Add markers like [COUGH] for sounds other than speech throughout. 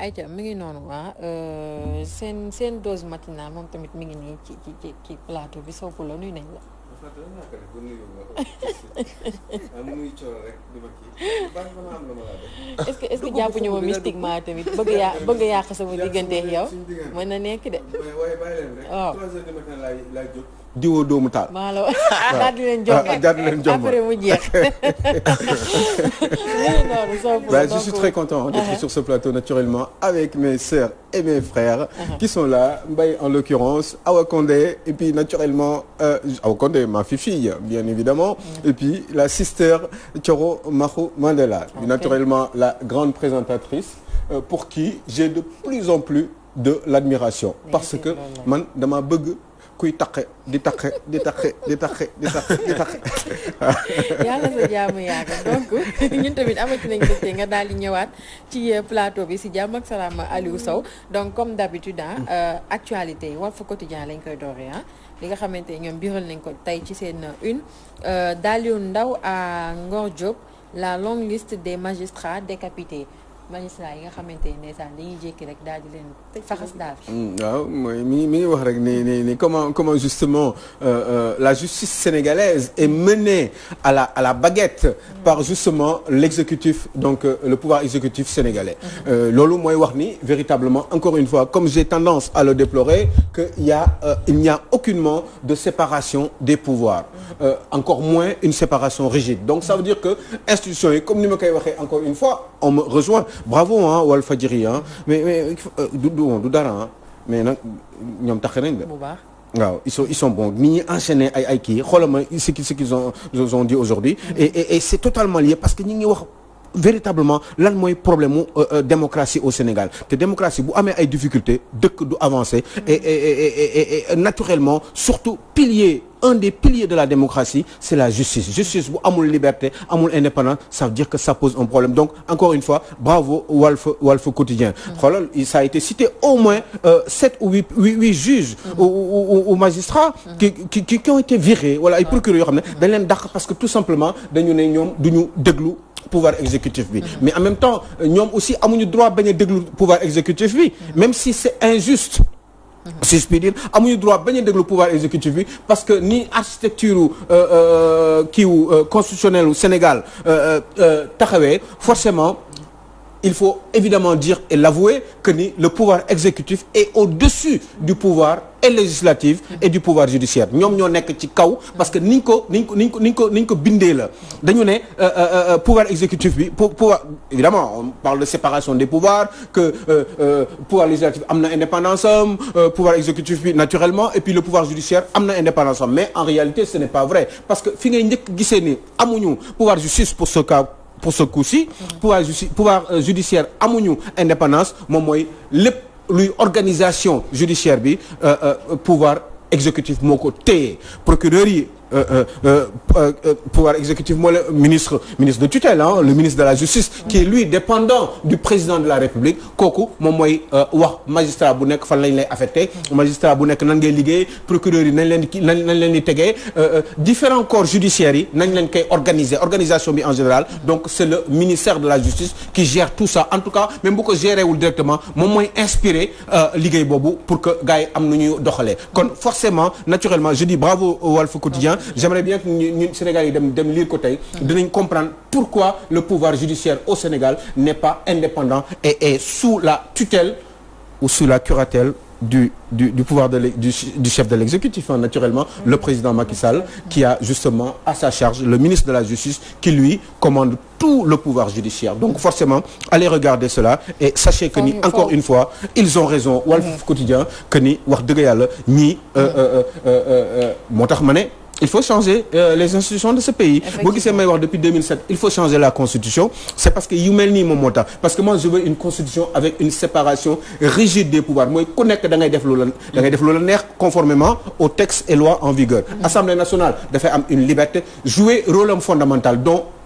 ayca mi ngi noonu ah euh, seen seen dose matinale moom tamit mi ngi nii ci ci ci plateau bi Sow Poulo nuyu nañ la. est-ce que est ma mystiquement tamit bëgg yàq sama digganteeg yow mën na nekk de. waaw. diwoo doomu [LAUGHS] ah, di leen jomba ah, [LAUGHS] je suis très content uh-huh. sur ce plateau naturellement avec mes sœurs et mes frères. Uh-huh. qui sont là en l'occurrence Awa et naturellement euh, Awa ma fifille bien évidemment. Uh-huh. et la sister Thioro Mahou Mandela. naturellement la grande présentatrice euh, pour qui j'ai de plus en plus de l'admiration parce que man dama kuy taqe di taqe di taqe di taqe di taqe di taqe. [LAUGHS] yàlla sa jaamu yaaga donc [LAUGHS] ñun tamit amati nañ ko nga daal di ñëwaat ci euh, plateau bi si jàmm ak salaam Aliou Sow donc comme d'habitude ah actualité yi Walf Quotidien lañ koy dooree ah. li nga xamante ñoom biral nañ ko tey ci seen euh, une Daliou Ndao à Ngor Diop la longue liste des magistrats décapités. magistrat yi nga xamante ne ndeysaan dañuy jékki rek daal di leen mm, mi mi ngi wax rek ni ni ni comment comment justement euh, euh, la justice sénégalaise est menée à la à la baguette. Mm. par justement donc euh, le pouvoir exécutif sénégalais. Mm-hmm. Euh, loolu mooy wax ni véritablement encore une fois comme j'ai tendance à le déplorer que a euh, il n'y a aucunement de séparation des pouvoirs. Mm-hmm. encore moins une séparation rigide donc ça veut dire que institution yi comme ni ma koy waxee encore une fois on me rejoint. bravo ah Walfadjri ah mais mais euh, euh, du du dara mais nag ñoom tax nañ la. bu baax waaw ils sont ils sont bons ni ñuy enchaîner ay ay kii xoolal ma ce qui ce qu'ils ont ils ont dit aujourd'hui mm-hmm. et et et c'est totalement lié parce que ñu ngi wax. véritablement lan mooy problème mu euh, démocratie au Sénégal te démocratie bu amee ay difficultés dëkk du avancer mm-hmm. et et et naturellement surtout pilier un des piliers de la démocratie c'est la justice justice bu amul liberté amul indépendance ça veut dire que ça pose un problème donc encore une fois bravo Walf Walf Quotidien mm. xoolal ça a été cité au moins euh, sept ou huit huit juges mm. ou magistrats mm. qui qui qui ont été virés wala ay procureurs yoo xam ne dañ leen dàq parce que tout simplement dañu ne ñoom duñu déglu pouvoir exécutif bi mais en même temps ñoom aussi amuñu droit bañ a déglu pouvoir exécutif bi même si c'est injuste si je puis dire amuñu droit bañ a déglu pouvoir exécutif bi parce que ni architecture euh, euh, kiiwu euh, constitutionnel Sénégal taxawee forcément il faut évidemment dire et l'avouer que ni le pouvoir exécutif est au-dessus du pouvoir et législatif et du pouvoir judiciaire ñoom ñoo nekk ci kaw parce que niñ ko niñ ko niñ ko niñ ko niñ ko bindee la dañu ne euh, euh, euh, pouvoir exécutif bi pouvoir évidemment on parle de séparation des pouvoirs que pouvoir législatif am na indépendance am pouvoir exécutif bi naturellement et puis le pouvoir judiciaire am indépendance mais en réalité ce n'est pas vrai parce que fi ngay njëkk gisee ni amuñu pouvoir justice pour ce pour ce coup-ci pouvoir pouvoir euh, judiciaire amuñu indépendance moom mooy lépp luy organisation judiciaire bi euh, euh, pouvoir exécutif moo ko téye procureur yi Euh, euh, euh, pouvoir exécutif moo leen ministre ministre de tutelle ah le ministre de la justice qui est lui dépendant du président de la république kooku moom mooy wax magistrat bu nekk fan lañ lay affecté magistrat bu nekk nan ngay liggéey procureur yi nañ leen di nañ leen di tegee différents corps judiciaires yi nañ leen koy organisé organisation bi en général donc c'est le ministère de la justice qui gère tout ça en tout cas même bu ko géré wul directement moom mooy inspiré liggéey boobu pour que gars yi am nu ñuy doxalee kon forcément naturellement je dis bravo Walf Quotidien j'aimerais bien que ñun Sénégal yi dem dem lire ko tey dinañ comprendre pourquoi le pouvoir judiciaire au Sénégal n'est pas indépendant et est sous la tutelle ou sous la curatelle du du du pouvoir de du, du chef de l'exécutif naturellement le président Macky Sall qui a justement à sa charge le ministre de la Justice qui lui commande tout le pouvoir judiciaire donc forcément allez regarder cela et sachez que ni encore une fois ils ont raison Walf mm-hmm. Quotidien que ni wax dëgg yàlla ñii euh, euh, euh, moo tax ma ne il faut changer euh, les institutions de ce pays boo gisee may wax depuis 2007 il faut changer la constitution c'est parce que yu mel nii moom moo tax parce que moi une constitution avec une séparation rigide des pouvoirs mooy ku nekk da ngay def lu la da conformément aux textes et lois en vigueur mm-hmm. assemblée nationale dafay am une liberté jouer rôle am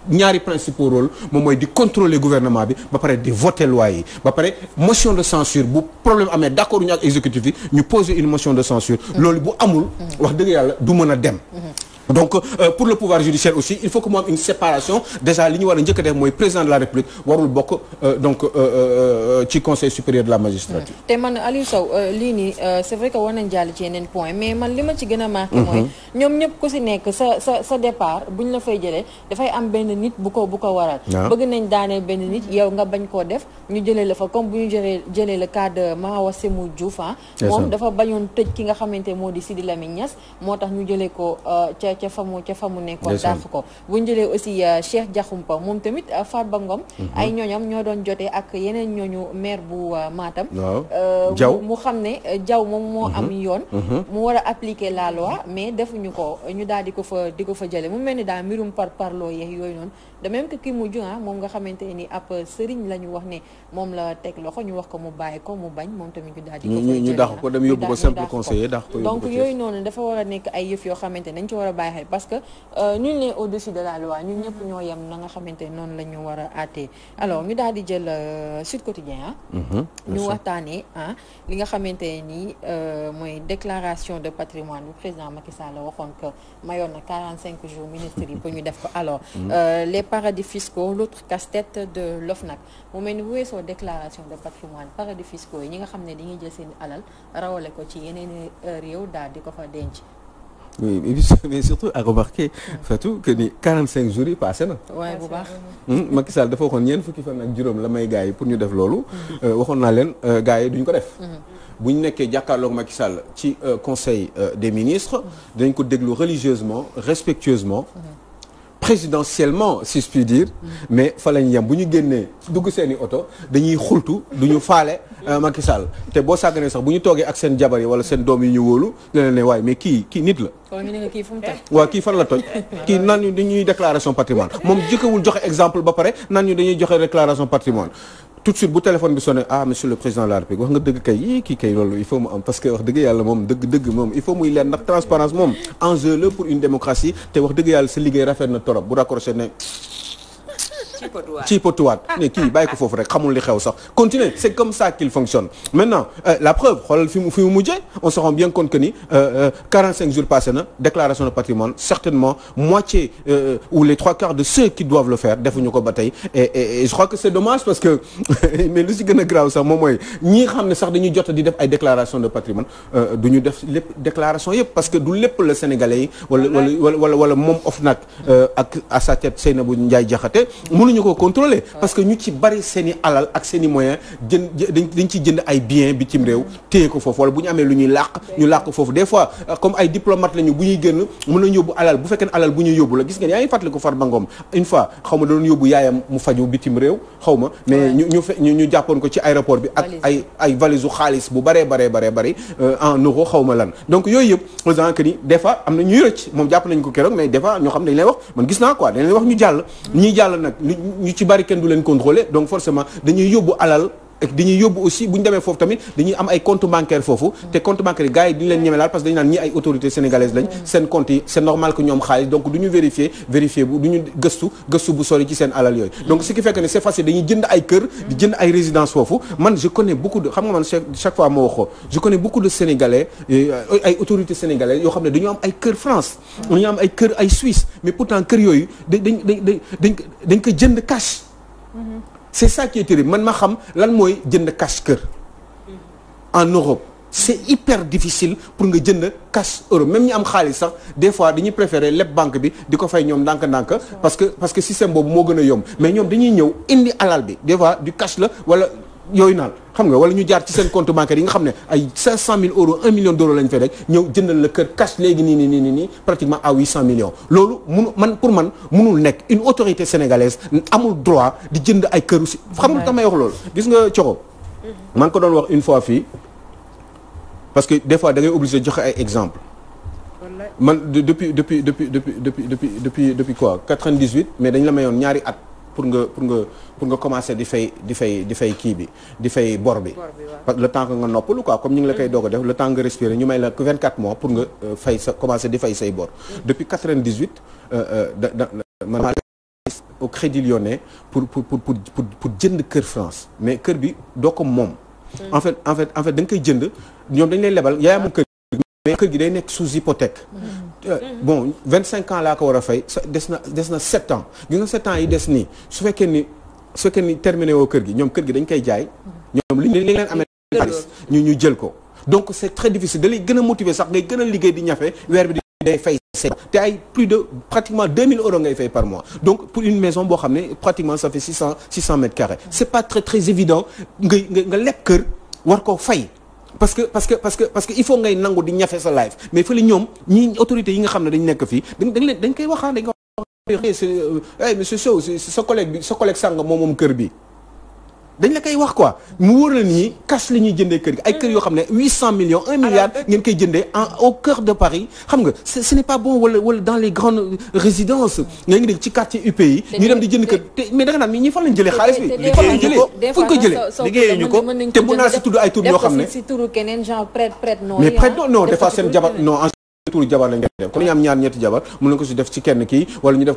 ñaari principaux rôle moom mooy di contrôler gouvernement bi ba pare di voter loi yi ba pare motion de censure bu problème amee d'accord ñu ak exécutif yi ñu poser une motion de censure mm. loolu bu amul mm. wax dëgg yàlla du mën a dem mm-hmm. donc euh, pour le pouvoir judiciaire aussi il faut que mu am une séparation déjà li ñu war a njëkk def mooy président de la république warul bokk euh, donc euh, ci conseil supérieur de la magistrature. te man Aliou Sow lii nii c'est vrai que war nañ jàll ci yeneen point mais man li ma ci gën a marqué. mooy mhm. ñoom ñëpp ku si nekk sa sa sa départ buñ la fay jëlee dafay am benn nit bu ko bu ko waral. Ah. bëgg nañ daaneel benn nit yow nga bañ koo def ñu jëlee la fa comme bu ñu jëlee jëlee le cas de Mahawa Semou Diouf ah. moo di Sidi Lamine moo tax ñu ko ca fa mu ca fa mu nekkoon dàq ko bu ñu jëlee aussi euh, Cheikh Diakhoumpa moom tamit euh, ba ngoom mhm. ay ñooñam ñoo doon jotee ak yeneen ñooñu maire bu euh, Matam Diaw mu xam ne Diaw moom moo am mhm. yoon mhm. mu war a appliquer la loi mais defuñu ko ñu daal di ko fa di ko fa jële mu mel ni daa mbirum par parloo yeex yooyu noonu de même que ki mujj ah moom nga xamante ni ab sëriñ la ñu wax ne moom la teg loxo ñu wax ko mu bàyyi ko mu bañ moom tamit ñu daal di ñu dàq ko dem yóbbu ko simple conseiller dàq ko donc yooyu noonu dafa war a nekk ay yëf yoo xamante dañ ci war a bàyyi xel parce que euh, nul n'est au-dessus de la loi ñun ñëpp ñoo yem na nga xamante noonu la ñu war a àttee alors ñu daal di jël euh, Sud Quotidien ah mhm, ñu waxtaanee ah li nga xamante ni euh, mooy déclaration de patrimoine bu président Macky Sall waxoon que mayoon na 45 jours ministre yi pour ñu def ko alors mhm. paradis fiscaux l'autre casse-tête de l'OFNAC mu mel ni bu weesoo déclaration de patrimoine paradis fiscaux yi ñi nga xam ne dañuy jël seen alal rawale ko ci yeneen euh, réew daal di ko fa denc. oui mais surtout à remarquer Fatou que ni 45 jours yi passé na. Hmm, waaye juróom la may gars yi pour ñu def loolu. Euh, waxoon naa leen euh, gars yi duñ ko def. Hmm. bu ñu nekkee jàkkaarloog Macky Sall ci conseil des ministres. dañ ko déglu religieusement respectueusement. Hmm. présidentiellement si je puis dire mais fa lañ yem bu ñu génnee dugg seeni oto dañuy xultu du ñu faale euh, Macky Sall te boo sàgganee sax bu ñu toogee ak seen jabar yi wala seen doom yi ñu wóolu ne leen waaye mais kii kii nit la waaw kii fan la toj kii nan ñu dañuy déclaration patrimoine moom jëkkawul joxe exemple ba pare nan ñu dañuy joxe déclaration patrimoine tout de suite bu téléphone bi sonné ah monsieur le président de la République wax nga dëgg kay yii kii loolu il faut mu am parce que wax dëgg yàlla moom dëgg dëgg moom il faut muy leer ndax transparence moom enjeu la pour une démocratie te wax dëgg yàlla sa liggéey rafet na torop bu raccroché ne ciy potuwaat ne kii bàyyi ko foofu rek xamul li xew sax continuer c'est comme ça qu'il fonctionne maintenant euh, la preuve xoolal fi mu fi mu mujjee on se rend bien compte que ni euh, euh, jours passé na déclaration de patrimoine certainement moitié ou les trois quarts de ceux qui doivent le faire defuñu ko ba tey et je crois que c'est dommage parce que [LAUGHS] mais lu si gën a grave sax moom mooy ñi xam ne sax da ñu jot di def ay déclaration de patrimoine du ñu def lépp déclaration yëpp parce que du lépp la sénégalais yi wala wala wala wala moom OFNAC ak à sa tête Seynabou Ndiaye mënuñu ko contrôler parce que ñu ci bari seen i alal ak seen moyen dañ ci jënd ay bien bitim réew téye ko foofu wala bu ñu amee lu ñuy làq ñu làq foofu des fois comme ay diplomate lañu bu ñuy génn mën nañ yóbbu alal bu fekkee alal bu ñuy yóbbu la gis ngeen yaa ngi ko Farba Ngom une fois xaw ma ci aéroport bi ak ay ay valise xaalis bu baree baree baree bari euh, en euro xaw ma lan donc yooyu yëpp autant que ni des fois am na ñuy rëcc moom jàpp nañ ko keroog mais des ñoo xam dañ lay wax wax ñu ñu ci bari kenn du leen contrôler donc forcément dañuy yóbbu alal dañuy yóbbu aussi bu ñu demee foofu tamit dañuy am ay foofu te compte bancaire yi gars yi duñu leen ñeme laal parce que dañu naan ñi ay autorités sénégalaises lañ mm. seen compte yi c'est normal que ñoom xaalis donc du ñu vérifier vérifier bu du ñu gëstu gëstu bu sori ci seen alal yooyu ne c'est facile ay kër di jënd ay résidence foofu man je connais beaucoup de xam euh, yoo xam ne dañu am ay kër France dañu am ay kër ay Suisse mais pourtant kër yooyu dañ dañ dañ dañ ko jënd cash mm-hmm. c'est ça qui est man ma xam lan mooy jënd cash kër en Europe c'est hyper difficile pour nga jënd cash euro même ñi am xaalis sax des fois dañuy préférer leb banque bi di ko fay ñoom ndànk-ndànk parce que parce que système boobu moo gën a yomb mais ñoom dañuy ñëw indi alal bi des du cash la wala yooyu naan xam nga wala ñu jaar ci seen compte bancaire yi nga xam ne ay 500000 euros 1 million d'euros lañ fay rek ñëw jëndal la kër cash léegi nii nii nii nii pratiquement à 800 millions. loolu munu man pour man munul nekk une autorité sénégalaise amul droit di jënd ay këru si. xam nga damay wax loolu gis nga Coro. Mm-hmm. maa ngi ko doon wax une fois fii parce que des fois da ngay obligé joxe ay exemple man depuis depuis depuis depuis depuis depuis depuis quoi 98 mais dañ la mayoon ñaari at. pour nga pour nga pour nga commencer di fay di fay di fay kii bi di fay bor bi parce que le temps que nga noppalu comme ñu ngi la koy doog a def le temps nga respirer ñu may la 24 mois pour nga euh, fay sa commencer di fay say bor mm. depuis 98 euh, euh, da da man au crédit lyonnais pour pour pour pour pour jënd kër France mais kër bi doo ko moom mm. en fait en fait en fait da nga koy jënd ñoom dañ lay lebal yaay moom kër mais kër gi day nekk sous hypothèque mm. Euh, bon vingt cinq ans laa ko war a fay des na des na sept ans gis nga sept ans yi des nii su fekkee ni su fekkee ni terminé woo kër gi ñoom kër gi dañ koy jaay ñoom li li leen amee xaalis ñu ñu jël ko donc c'est très difficile da gën a motiver sax ngay gën a liggéey di ñafe weer bi di day fay te ay plus de pratiquement 2000 euros ngay fay par mois donc pour une maison boo xam ne pratiquement ça fait 600 600 mètres carrés c'est pas très nga nga lekk kër war koo fay parce que parce que parce que parce que il faut ngay nangu di ñafe sa live mais fële ñoom ñi autorités yi nga xam ne dañ nekk fii dañ dañ leen dañ koy waxaa ah, dañ koy wax eh, monsieur eh, sa collègue bi sa collègue sàng moom moom kër bi dañ la koy wax quoi mu wóor la nii cash la ñuy jëndee kër ay kër yoo xam ne 800 millions 1 milliard ngeen koy jëndee en au cœur de Paris xam nga ce n'est pas bon wala dans les grandes résidences nga ngi dégg ci quartier UPI ñu dem di jënd kër mais da naan mais ñi fan lañ jëlee xaalis bi fan lañ ñu ko te bu naa si tudd ay tur yoo xam ne si turu mais prête non non des seen jabar non turu jabar lañ koy def kon ñu am ñaar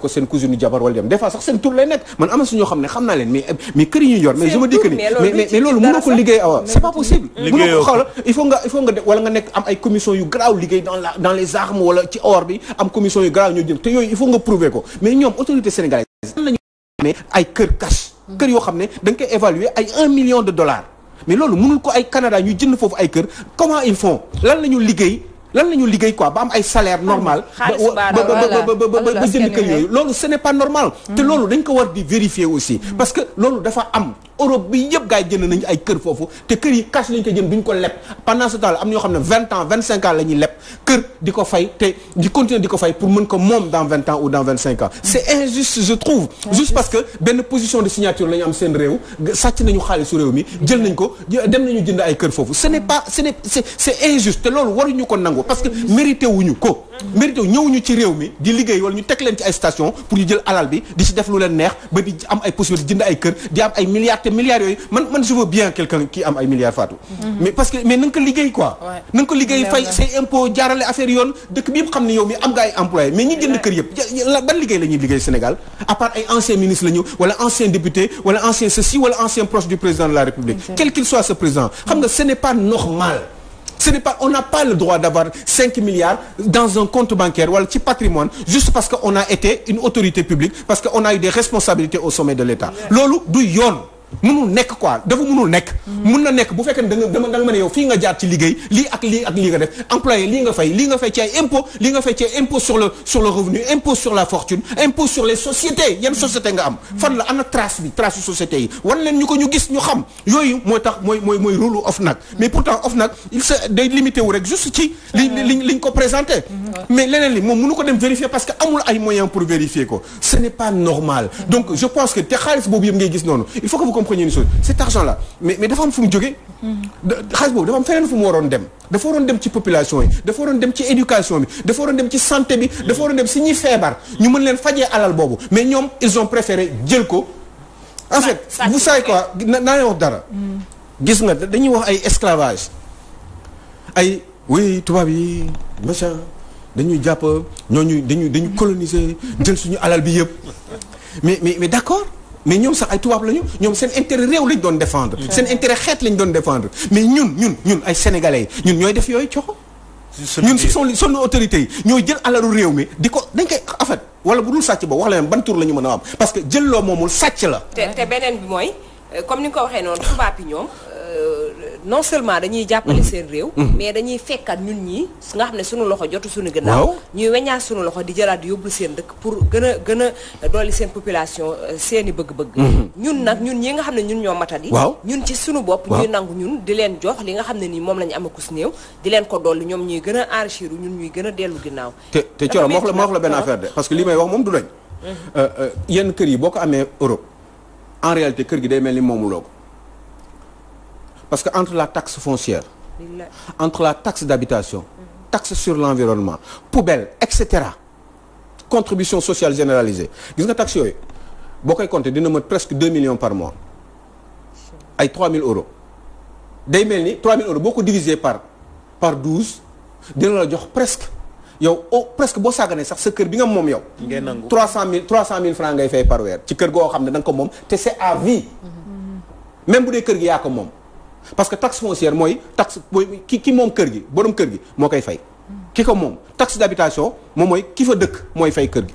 ko seen cousine jabar wala dem sax seen tur lay nekk man am na suñoo xam ne xam naa leen mais mais kër yi ñu yor mais je loolu mënoo ko liggéey awa c'est pas possible am liggéey yooyu il faut nga prouver ko mais ñoom autorité sénégalaise nan ay kër cash kër yoo xam ne da nga koy évaluer ay un million de dollars mais loolu mënul ko ay Canada ñu jënd foofu ay kër comment ils font lan lañu liggéey lan la ñu liggéey quoi ba am ay salaire normal ba ba jënd kër yooyu loolu ce n'est pas normal mm. te loolu dañ ko war di vérifier aussi mm. parce que loolu dafa am Europe bi yëpp gars yi jënd nañu ay kër foofu te kër yi cash lañ ko ko leb pendant ce temps xam ne vingt ans vingt cinq ans la ñuy ko continuer di ko fay pour mën ko moom dans vingt ans ou dans vingt cinq ans c'est mm. injuste je trouve juste parce que benn position de signature la ñu am seen réew sàcc nañu xaalisu réew mi jël nañ ko dem nañu jënd ay kër foofu ce n'est pas ce n'est c'est injuste te loolu waruñu parce que wu wuñu ko mérité ñëwuñu ci réew mi di liggéey wala ñu teg leen ci ay station pour ñu jël alal bi di ci def lu leen neex ba di am ay possibilité jënd ay kër di am ay milliards te milliards yooyu man man je bien quelqu'un qui am ay milliards faatu mm-hmm. mais parce que mais na ko liggéey quoi na ko liggéey fay say impôt jaarale affaire yoon dëkk bi xam ne yow mi am nga ay employé mais ñi jënd kër yëpp ban liggéey la liggéey Sénégal ce n'est pas on n'a pas le droit d'avoir cinq milliards dans un compte bancaire wala ci patrimoine juste parce que on a été une autorité publique parce que on a eu des responsabilités au sommet de l'État loolu du yoon mënul nekk quoi dafa mënul nekk. mun na nekk bu fekkee ne da nga da nga mën a fii nga jaar ci liggéey lii ak lii ak lii nga def employé lii nga fay lii nga fay ci ay impôt lii nga fay ci ay impôt sur le sur le sur la fortune impôt sur les sociétés yan société nga am. fan la ana trace bi trace société yi wan leen ñu ko ñu gis ñu xam yooyu mooy tax mooy mooy mooy rôle nag mais pourtant OFNAC il se day limité wu rek juste ci. li li liñ ko présenté. mais leneen li moom mënu ko dem vérifier parce que amul ay moyens pour vérifier ko ce n'est pas normal donc je pense que te xaalis boobu yëpp ngay gis noonu il faut que vous compreniez une chose cet argent là mais mais dafa am fu mu jógee mm-hmm. xaalis boobu dafa am feneen fu mu waroon dem dafa waroon dem ci population yi dafa waroon dem ci éducation bi dafa waroon dem ci santé bi mm-hmm. dafa waroon dem si ñuy feebar ñu mën leen fajee alal boobu mais ñoom ils ont préféré jël ko en fait vous savez quoi naa leen wax dara mm-hmm. gis nga dañuy wax ay esclavage ay tubaab yi dañuy jàpp ñooñu dañu dañu coloniser jël suñu alal bi yëpp mais mais mais d'accord mais ñoom sax ay tubaab lañu ñoom seen intérêt réew lañ doon défendre. seen intérêt xeet lañ doon défendre mais ñun ñun ñun ay sénégalais ñun ñooy def yooyu coxo. ñun si son sunu autorités yi ñooy jël alalu réew mi di ko dañ koy affaire wala bu dul sàcc ba wax la ban la ñu mën a am parce que jël loo moomul sàcc la. te te beneen bi mooy euh, comme ni nga ko waxee noonu tubaab yi ñoom. Euh, non seulement dañuy jàppale seen réew mm-hmm. Mm-hmm. mais dañuy fekkaat ñun ñi su nga xam ne suñu loxo jotu suñu gannaaw ñuy weñaat suñu loxo di jëlaat yóbbu seen dëkk pour gën a gën a dolli seen population euh, seeni bëgg-bëgg mm-hmm. ñun nag ñun ñi nga xam ne ñun ñoo matadi ñun ci suñu bopp ñuy nangu ñun di leen jox li nga xam ne nii moom lañu amakus néew di leen ko dolli ñoom ñuy gën a enrichir ñun ñuy gën a dellu ginnaaw te te coro moo wax la ma la benn affaire de parce que li may wax moom du dañ euh, yenn kër yi boo ko amee Europe en kër gi day mel ni moomuloo parce que entre la taxe foncière entre la taxe d'habitation taxe sur l'environnement poubelle et cetera contribution sociale généralisée gis nga taxe yooyu boo koy compter dina mën presque deux millions par mois ay 3000 euros day mel ni 3000 euros boo ko diviser par par 12 dina la jox presque yow oh presque boo sàgganee sax sa kër bi nga moom yow. ngay nangu 300000 300000 francs ngay fay par weer. ci kër goo xam ne da ko moom te c'est à vie. Mm-hmm. même bu de kër gi yaa ko moom. parce que taxe foncière mooy taxe mooy ki moom kër gi borom kër gi moo koy fay. ki ko moom tax taxe d'habitation moo mooy ki fa dëkk mooy fay kër gi.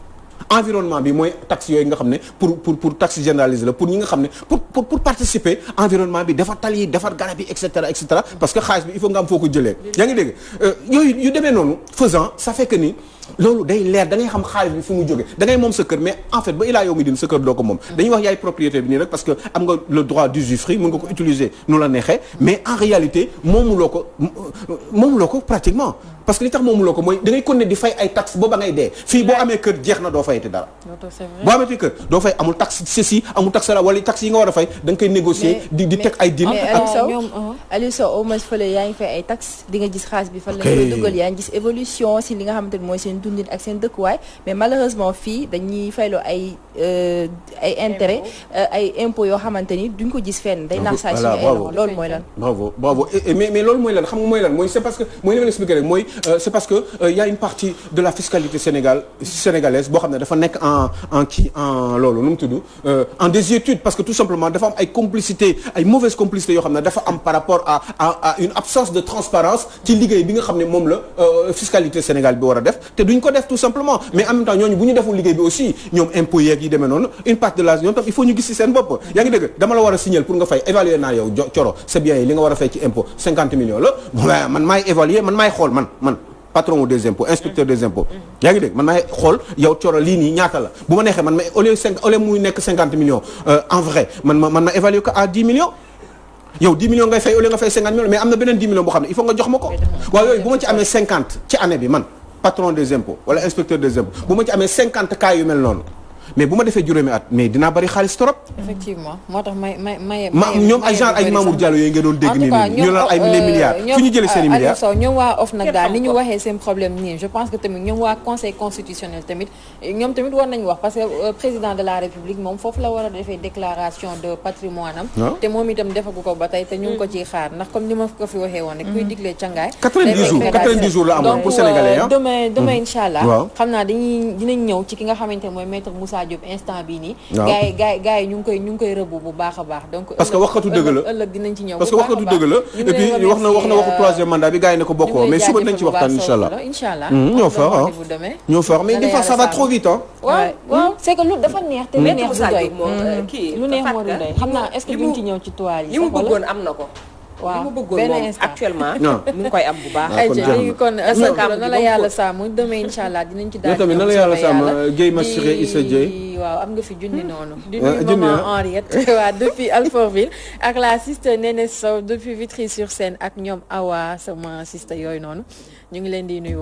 environnement bi mooy taxe yooyu nga xam ne pour pour pour taxe généralisée la pour ñi nga xam ne pour pour pour participer environnement bi defar tali yi defar garab yi et cetera et cetera parce que xaalis bi il faut nga am foo ko jëlee. yaa ngi dégg euh, yooyu yu demee noonu faisant sa fait que ni. loolu day leer da xam xaalis bi fi mu jóge da moom sa kër mais en fait ba ilaa yow mi din sa kër doo ko moom dañuy wax yaay propriété bi nii rek parce que am nga le droit d'usufruit mën nga ko utiliser nu la neexee mais en réalité moomuloo ko euh, moomuloo ko pratiquement parce que li tax moomuloo ko mooy da ngay continuer di fay ay taxes ba ngay dee fii boo amee kër jeex na doo fayati dara boo amee kër doo fay amul taxe ceci amul taxe la wala taxe a seen dundin ak seen dëkkuwaay mais malheureusement fii dañuy fayloo ay euh, ay intérêt euh, ay impôts yoo xamante ni duñ ko gis fenn day nax saa suñu ay loolu mooy lan bravo bravo et mais mais loolu mooy lan xam nga mooy lan mooy c'est que mooy li ma expliqué rek mooy euh, c'est parce que y a une partie de la fiscalité sénégal sénégalaise boo xam ne dafa nekk en en kii en loolu nu mu tudd en désuétude parce que tout simplement dafa ay complicité ay mauvaise complicité yoo xam ne dafa am par rapport à à une absence de transparence ci liggéey bi nga xam ne moom la fiscalité sénégal bi war def du duñ ko def tout simplement mais en même ñooñu bu ñu deful liggéey bi aussi ñoom impôts yeeg yi demee noonu une partie de la ñoom tam il faut ñu gis ci seen bopp yaa ngi dëgg dama la war a signaler pour nga fay évaluer naa yow coro sa bien yi li nga war a fay ci impôt 50 millions la man maay évaluer man maay xool man man xool muy nekk 50 millions euh, en vrai man ma évaluer ko à 10 millions yow 10 nga fay nga jox ma ko ma patron des impôts wala inspecteur des impôts bu ma ci amee cinquante cas yu mel noonu mais bu ma defee juróomi at mais dinaa bari xaalis trop. effectivement moo tax may may may. ma ñoom ay genre ay Mamour Diallo yooyu nga doon dégg. nii nii euh, i euh, euh, la am. Ah. te moom ko ba tey te ñu ngi ko ciy xaar ndax comme ni ma ko fi waxee woon rek. kuy mm. digle cangaay. 90 jours 90 jours la amoon pour sénégalais ah donc demain demain mm. incha allah. xam naa dañuy dinañ ñëw ci ki nga xamante mooy maître Moussa Moustapha Diop instant bii nii. waaw gars yi gars koy ñu ngi baax a baax. donc parce que waxkatu dëgg la parce que waxkatu dëgg la et wax na wax na waxu euh, troisième mandat bi gars ne ko bokkoo mais suba dinañ ci waxtaan incha allah incha allah ñoo far ñoo mais des fois trop vite ah. waaw waaw lu dafa neex te lu neex du hmm. euh, du doy xam naa est-ce que ci ñëw li mu bëggoon am na ko waaw benn instant actuellement. mu ngi koy am bu baax. Ah, ay jërëjëf léegi kon na la yàlla sàmm demee incha allah dinañ ci daal tamit na la yàlla sàmm Guèye Massouré Issa Dieye waaw am nga fi junni hmm. noonu. di nuyu maman Henriette [LAUGHS] waaw depuis Alfortville ak la siste Néné Sow depuis Vitry sur Seine ak ñoom Awa sama siste yooyu noonu ñu ngi leen di nuyu.